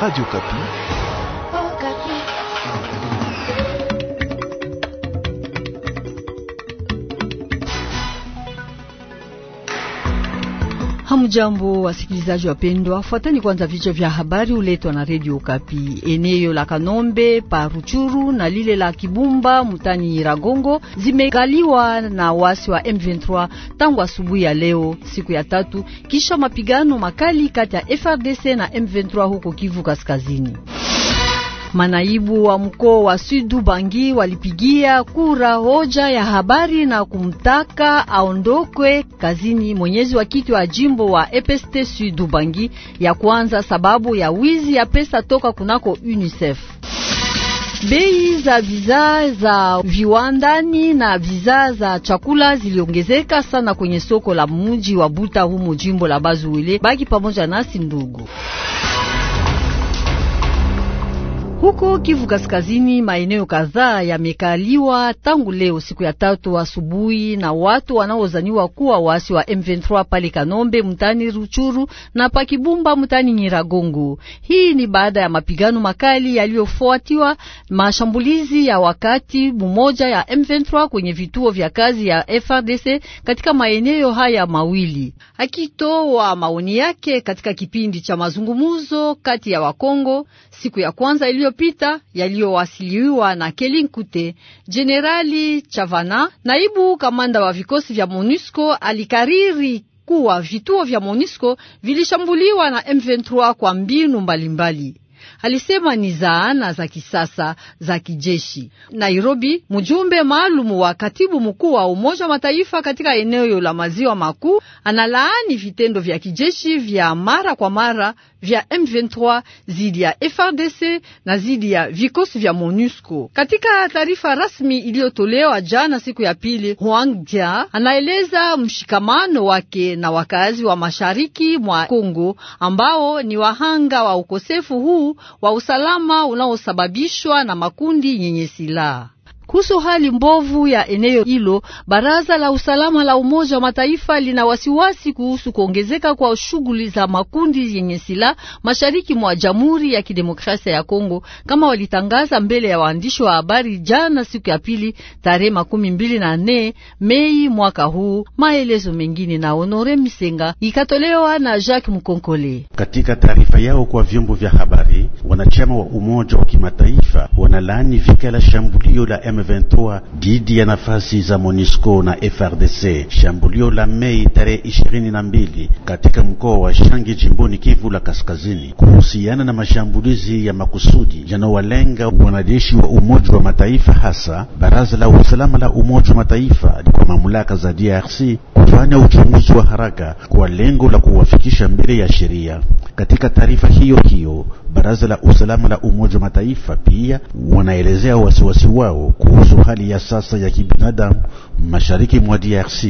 Radio Kapi. Hamjambo, wasikilizaji wapendwa, fuatani kwanza vichwa vya habari uletwa na redio ukapi Eneo la Kanombe pa Ruchuru na lile la Kibumba mutani Ragongo zimekaliwa na wasi wa M23 tangu asubuhi ya leo, siku ya tatu, kisha mapigano makali kati ya FRDC na M23 huko Kivu Kaskazini. Manaibu wa mkoa wa Sudu Bangi walipigia kura hoja ya habari na kumtaka aondokwe kazini mwenyezi wa kiti wa jimbo wa EPST Sudu Bangi ya kwanza sababu ya wizi ya pesa toka kunako UNICEF. Bei za bidhaa za viwandani na bidhaa za chakula ziliongezeka sana kwenye soko la mji wa Buta humo jimbo la Bazuwele. Baki pamoja nasi ndugu. Huko Kivu Kaskazini, maeneo kadhaa yamekaliwa tangu leo siku ya tatu asubuhi na watu wanaozaniwa kuwa waasi wa M23 pale Kanombe mtani Ruchuru na pakibumba mtani Nyiragongo. Hii ni baada ya mapigano makali yaliyofuatiwa mashambulizi ya wakati mmoja ya M23 kwenye vituo vya kazi ya FRDC katika maeneo haya mawili. Akitoa maoni yake katika kipindi cha mazungumzo kati ya Wakongo siku ya kwanza iliyopita yaliyowasiliwa na Kelin Kute. Jenerali Chavana, naibu kamanda wa vikosi vya MONUSCO, alikariri kuwa vituo vya MONUSCO vilishambuliwa na M23 kwa mbinu mbalimbali mbali alisema ni zaana za kisasa za kijeshi. Nairobi, mjumbe maalum wa katibu mkuu wa Umoja wa Mataifa katika eneo la maziwa makuu analaani vitendo vya kijeshi vya mara kwa mara vya M23 zidi ya FRDC na zidi ya vikosi vya MONUSCO. Katika taarifa rasmi iliyotolewa jana siku ya pili, Hwangja anaeleza mshikamano wake na wakazi wa mashariki mwa Kongo ambao ni wahanga wa ukosefu huu wa usalama unaosababishwa na makundi yenye silaha. Kuhusu hali mbovu ya eneo hilo, baraza la usalama la Umoja wa Mataifa lina wasiwasi kuhusu kuongezeka kwa shughuli za makundi yenye silaha mashariki mwa Jamhuri ya Kidemokrasia ya Kongo, kama walitangaza mbele ya waandishi wa habari jana, siku ya pili, tarehe makumi mbili na nne Mei mwaka huu. Maelezo mengine na Honore Misenga ikatolewa na Jacques Mkonkole. Katika taarifa yao kwa vyombo vya habari, wanachama wa Umoja wa Kimataifa wanalaani vikala shambulio la MV m dhidi ya nafasi za MONUSCO na FRDC. Shambulio la Mei tarehe ishirini na mbili katika mkoa wa Shangi jimboni Kivu la Kaskazini kuhusiana na mashambulizi ya makusudi yanayowalenga wanajeshi wa Umoja wa Mataifa, hasa Baraza la Usalama la Umoja wa Mataifa kwa mamlaka za DRC kufanya uchunguzi wa haraka kwa lengo la kuwafikisha mbele ya sheria. Katika taarifa hiyo hiyo, Baraza la Usalama la Umoja wa Mataifa pia wanaelezea wasiwasi wao kuhusu hali ya sasa ya kibinadamu mashariki mwa DRC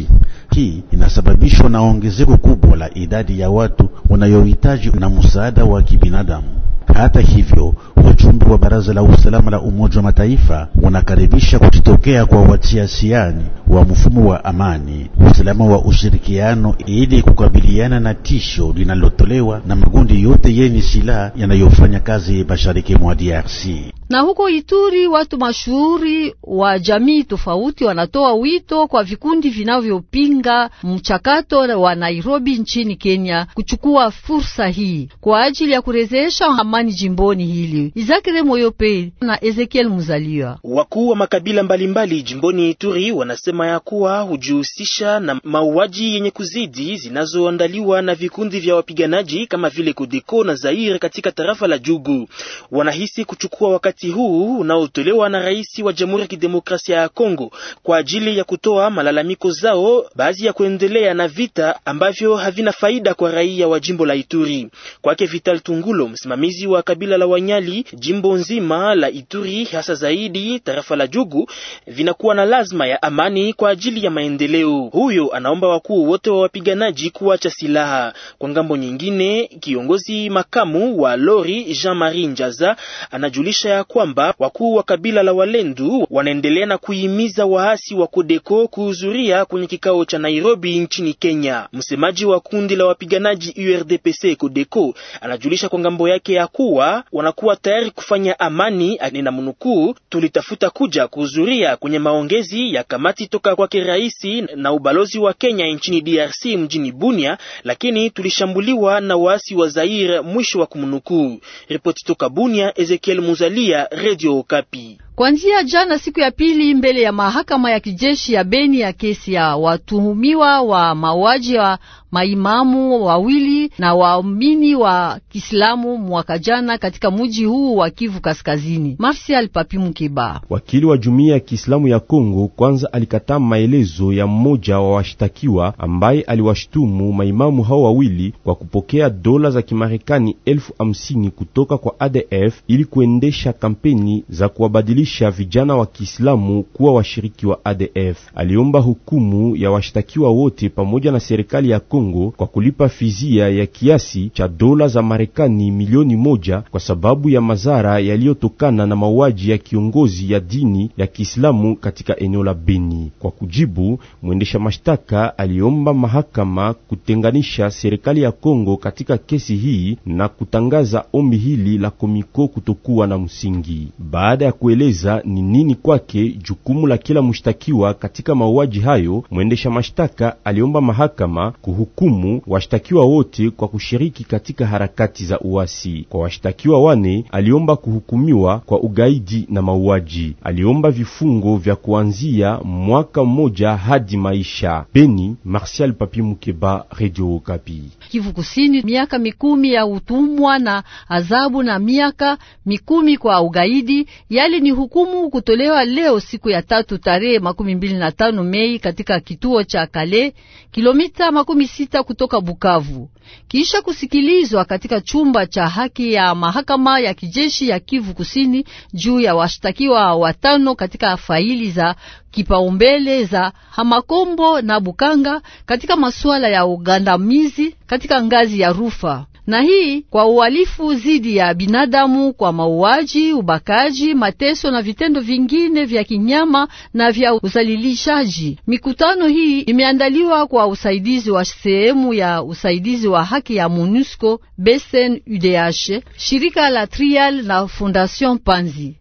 hii inasababishwa na ongezeko kubwa la idadi ya watu wanayohitaji na msaada wa kibinadamu. Hata hivyo, wajumbe wa Baraza la Usalama la Umoja wa Mataifa wanakaribisha kujitokea kwa watiasiani wa mfumo wa amani, usalama wa ushirikiano ili kukabiliana na tisho linalotolewa na magundi yote yenye silaha yanayofanya kazi mashariki mwa DRC. Na huko Ituri watu mashuhuri wa jamii tofauti wanatoa wito kwa vikundi vinavyopinga mchakato wa Nairobi nchini Kenya kuchukua fursa hii kwa ajili ya kurejesha amani jimboni hili. Izakire Moyope na Ezekiel Muzalia. Wakuu wa makabila mbalimbali mbali jimboni Ituri wanasema ya kuwa hujihusisha na mauaji yenye kuzidi zinazoandaliwa na vikundi vya wapiganaji kama vile Kodeko na Zaire katika tarafa la Jugu. Wanahisi kuchukua wakati wakati huu unaotolewa na rais wa Jamhuri ya Kidemokrasia ya Kongo kwa ajili ya kutoa malalamiko zao baadhi ya kuendelea na vita ambavyo havina faida kwa raia wa jimbo la Ituri. Kwake Vital Tungulo, msimamizi wa kabila la Wanyali, jimbo nzima la Ituri, hasa zaidi tarafa la Jugu, vinakuwa na lazima ya amani kwa ajili ya maendeleo. Huyo anaomba wakuu wote wa wapiganaji kuacha silaha. Kwa ngambo nyingine, kiongozi makamu wa Lori Jean-Marie Njaza anajulisha ya kwamba wakuu wa kabila la Walendu wanaendelea na kuhimiza waasi wa Kodeko kuhudhuria kwenye kikao cha Nairobi nchini Kenya. Msemaji wa kundi la wapiganaji URDPC Kodeko anajulisha kwa ngambo yake ya kuwa wanakuwa tayari kufanya amani, na mnukuu, tulitafuta kuja kuhudhuria kwenye maongezi ya kamati toka kwake raisi na ubalozi wa Kenya nchini DRC mjini Bunia, lakini tulishambuliwa na waasi wa Zaire, mwisho wa kumnukuu. Ripoti toka Bunia, Ezekiel Muzalia ya Radio Okapi. Kuanzia jana siku ya pili mbele ya mahakama ya kijeshi ya Beni ya kesi ya watuhumiwa wa mauaji wa maimamu wawili na waamini wa Kiislamu mwaka jana katika muji huu wa Kivu Kaskazini. Marsial Papi Mukeba, wakili wa jumuiya ya Kiislamu ya Kongo, kwanza alikataa maelezo ya mmoja wa washtakiwa ambaye aliwashtumu maimamu hao wawili kwa kupokea dola za Kimarekani elfu hamsini kutoka kwa ADF ili kuendesha kampeni za kuwabadilisha vijana wa Kiislamu kuwa washiriki wa ADF. Aliomba hukumu ya washtakiwa wote pamoja na serikali ya Kongo kwa kulipa fizia ya kiasi cha dola za Marekani milioni moja kwa sababu ya madhara yaliyotokana na mauaji ya kiongozi ya dini ya Kiislamu katika eneo la Beni. Kwa kujibu, mwendesha mashtaka aliomba mahakama kutenganisha serikali ya Kongo katika kesi hii na kutangaza ombi hili la Komiko kutokuwa na msingi. Baada ya kueleza ni nini kwake jukumu la kila mshtakiwa katika mauaji hayo, mwendesha mashtaka aliomba mahakama kuhukumu washtakiwa wote kwa kushiriki katika harakati za uasi. Kwa washtakiwa wane, aliomba kuhukumiwa kwa ugaidi na mauaji. Aliomba vifungo vya kuanzia mwaka mmoja hadi maisha. Beni, Martial Papi Mukeba, Radio Okapi. Kivu Kusini, miaka mikumi ya utumwa na adhabu na miaka mikumi kwa ugaidi yali ni hukumu kutolewa leo siku ya tatu tarehe makumi mbili na tano Mei katika kituo cha Kale kilomita makumi sita kutoka Bukavu kisha kusikilizwa katika chumba cha haki ya mahakama ya kijeshi ya Kivu Kusini juu ya washtakiwa watano katika faili za kipaumbele za Hamakombo na Bukanga katika masuala ya ugandamizi katika ngazi ya rufa na hii kwa uhalifu dhidi ya binadamu kwa mauaji, ubakaji, mateso na vitendo vingine vya kinyama na vya uzalilishaji. Mikutano hii imeandaliwa kwa usaidizi wa sehemu ya usaidizi wa haki ya MONUSCO, Besen UDH, shirika la Trial na Fondation Panzi.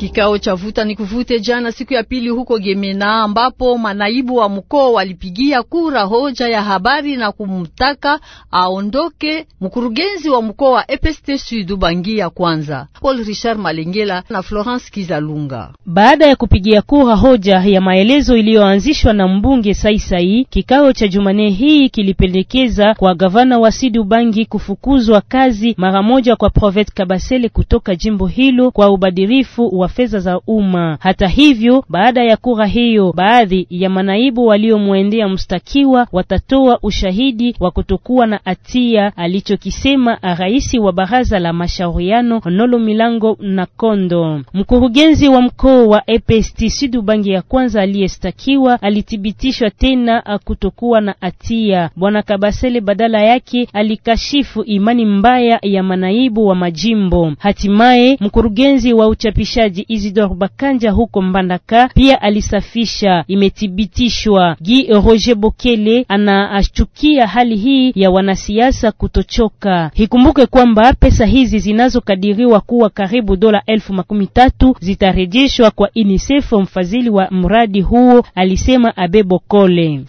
Kikao cha vuta ni kuvute jana siku ya pili huko Gemena, ambapo manaibu wa mkoa walipigia kura hoja ya habari na kumtaka aondoke mkurugenzi wa mkoa wa EPST Sud Bangi ya kwanza, Paul Richard Malengela na Florence Kizalunga. Baada ya kupigia kura hoja ya maelezo iliyoanzishwa na mbunge Saisai, kikao cha Jumane hii kilipendekeza kwa gavana wa Sud Bangi kufukuzwa kazi mara moja kwa Provet Kabasele kutoka jimbo hilo kwa ubadirifu wa fedha za umma. Hata hivyo, baada ya kura hiyo, baadhi ya manaibu waliomwendea mstakiwa watatoa ushahidi wa kutokuwa na hatia, alichokisema rais wa baraza la mashauriano Nolo Milango na Kondo. Mkurugenzi wa mkoa wa EPST Sidu Bangi ya kwanza aliyestakiwa alithibitishwa tena kutokuwa na hatia. Bwana Kabasele badala yake alikashifu imani mbaya ya manaibu wa majimbo. Hatimaye mkurugenzi wa uchapishaji Msaidizi Isidor Bakanja huko Mbandaka pia alisafisha. Imethibitishwa Gi Roger Bokele anaashukia hali hii ya wanasiasa kutochoka. Hikumbuke kwamba pesa hizi zinazokadiriwa kuwa karibu dola elfu makumi tatu zitarejeshwa kwa UNICEF, mfadhili wa mradi huo, alisema Abe Bokole.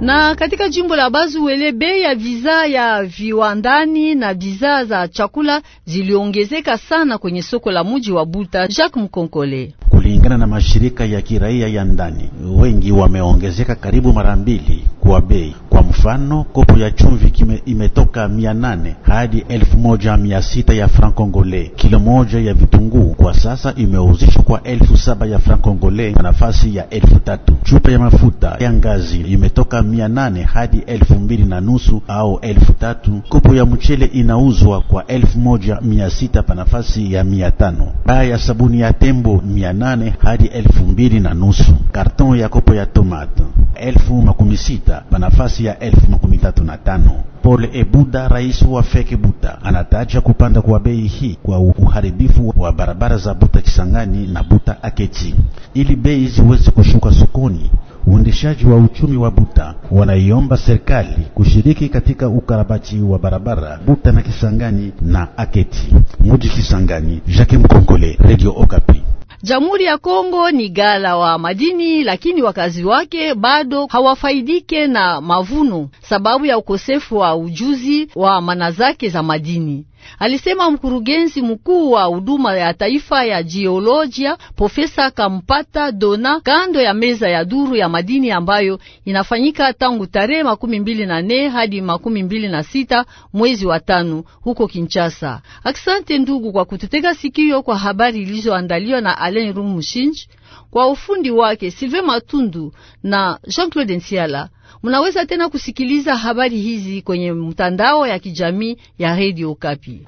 Na katika jimbo la Bazuwele bei ya viza ya viwandani na viza za chakula ziliongezeka sana kwenye soko la muji wa Buta. Jacques Mkonkole kulingana na mashirika ya kiraia ya ndani, wengi wameongezeka karibu mara mbili kwa bei. Kwa mfano, kopo ya chumvi kime, imetoka mia nane hadi elfu moja mia sita ya franc congolais. Kilo moja ya vitunguu kwa sasa imeuzishwa kwa elfu saba ya franc congolais na nafasi ya elfu tatu. Chupa ya mafuta ya ngazi imetoka mia nane hadi elfu mbili na nusu au elfu tatu. Kopo ya mchele inauzwa kwa elfu moja mia sita pa nafasi ya mia tano. Baa ya sabuni ya tembo mia nane nane hadi elfu mbili na nusu karton ya kopo ya tomato elfu makumi sita pa nafasi ya elfu makumi tatu na tano. Paul Ebuda, rais wa Feke Buta, anataja kupanda kwa bei hii kwa uharibifu wa barabara za Buta Kisangani na Buta Akechi. Ili bei ziweze kushuka sokoni, uendeshaji wa uchumi wa Buta wanaiomba serikali kushiriki katika ukarabati wa barabara Buta na Kisangani na Aketi. Muji Kisangani, Jacques Mkongole, Radio Okapi. Jamhuri ya Kongo ni gala wa madini, lakini wakazi wake bado hawafaidike na mavuno sababu ya ukosefu wa ujuzi wa mana zake za madini alisema mkurugenzi mkuu wa huduma ya taifa ya jiolojia Profesa Kampata Dona, kando ya meza ya duru ya madini ambayo inafanyika tangu tarehe makumi mbili na nne hadi makumi mbili na sita mwezi wa tano huko Kinshasa. Aksante ndugu kwa kututega sikio kwa habari ilizoandaliwa na Alain Rumushinji kwa ufundi wake Silve Matundu na Jean-Claude Nsiala. Munaweza tena kusikiliza habari hizi kwenye mtandao ya kijamii ya Radio Kapi.